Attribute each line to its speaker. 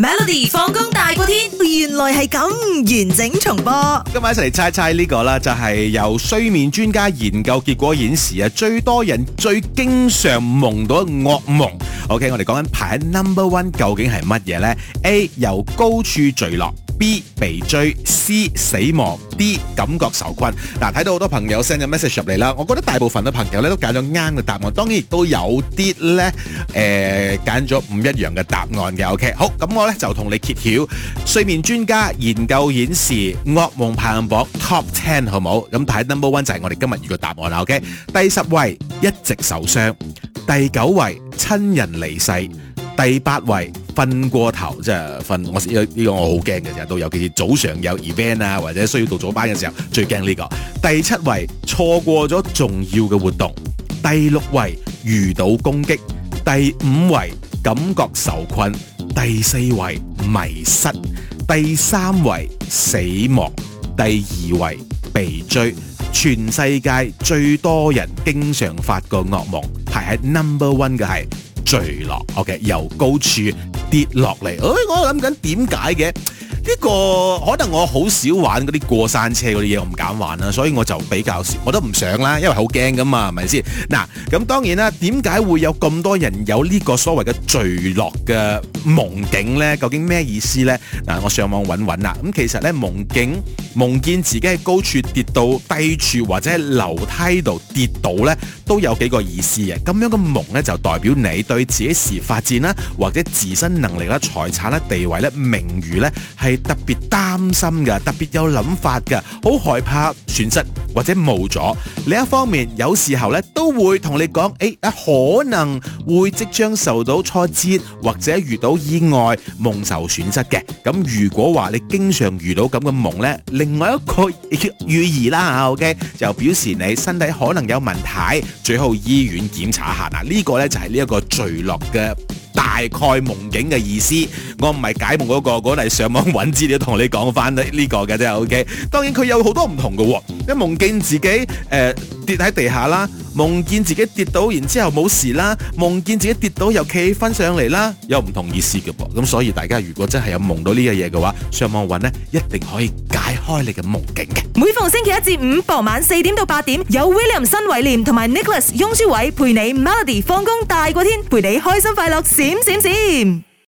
Speaker 1: Melody 放工大過天，原來係咁完整重播。今晚一齊嚟猜猜呢、這個啦，就係、是、由睡眠專家研究結果顯示啊，最多人最經常夢到噩夢。OK，我哋講緊排喺 Number One 究竟係乜嘢呢？A 由高處墜落，B 被追，C 死亡，D 感覺受困。嗱、啊，睇到好多朋友 send 咗 message 入嚟啦。我覺得大部分嘅朋友咧都揀咗啱嘅答案，當然亦都有啲咧誒揀咗唔一樣嘅答案嘅。OK，好，咁、嗯、我咧就同你揭曉睡眠專家研究顯示噩夢排行榜 Top Ten，好冇？咁排喺 Number One 就係我哋今日嘅答案啦。OK，第十位一直受傷，第九位。親人離世，第八位瞓過頭，即係瞓。我呢個我好驚嘅，成日都有。尤其是早上有 event 啊，或者需要到早班嘅時候，最驚呢個。第七位錯過咗重要嘅活動，第六位遇到攻擊，第五位感覺受困，第四位迷失，第三位死亡，第二位被追。全世界最多人經常發個噩夢。係 number one 嘅係墜落，OK，由高處跌落嚟，誒、哎，我諗緊點解嘅。呢、這個可能我好少玩嗰啲過山車嗰啲嘢，我唔敢玩啦，所以我就比較少，我都唔想啦，因為好驚㗎嘛，係咪先？嗱，咁當然啦，點解會有咁多人有呢個所謂嘅墜落嘅夢境呢？究竟咩意思呢？嗱，我上網揾揾啦。咁其實呢，夢境夢見自己喺高處跌到低處，或者喺樓梯度跌倒呢，都有幾個意思嘅。咁樣嘅夢呢，就代表你對自己事業發展啦，或者自身能力啦、財產啦、地位咧、名譽呢。係。係特別擔心噶，特別有諗法噶，好害怕損失或者冇咗。另一方面，有時候咧都會同你講，誒啊，可能會即將受到挫折或者遇到意外蒙受損失嘅。咁如果話你經常遇到咁嘅夢咧，另外一個預預兆啦，ok 就表示你身體可能有問題，最好醫院檢查下嗱。呢個咧就係呢一個墜落嘅。大概夢境嘅意思，我唔係解夢嗰、那個，我嚟上網揾資料同你講返呢呢個嘅啫，OK。當然佢有好多唔同嘅喎、哦，因為夢境自己誒。呃跌喺地下啦，夢見自己跌倒，然之後冇事啦，夢見自己跌倒又企翻上嚟啦，有唔同意思嘅噃。咁所以大家如果真係有夢到呢樣嘢嘅話，上網揾呢，一定可以解開你嘅夢境嘅。每逢星期一至五傍晚四點到八點，有 William 新偉廉同埋 Nicholas 雍舒偉陪你 Melody 放工大過天，陪你開心快樂閃閃閃。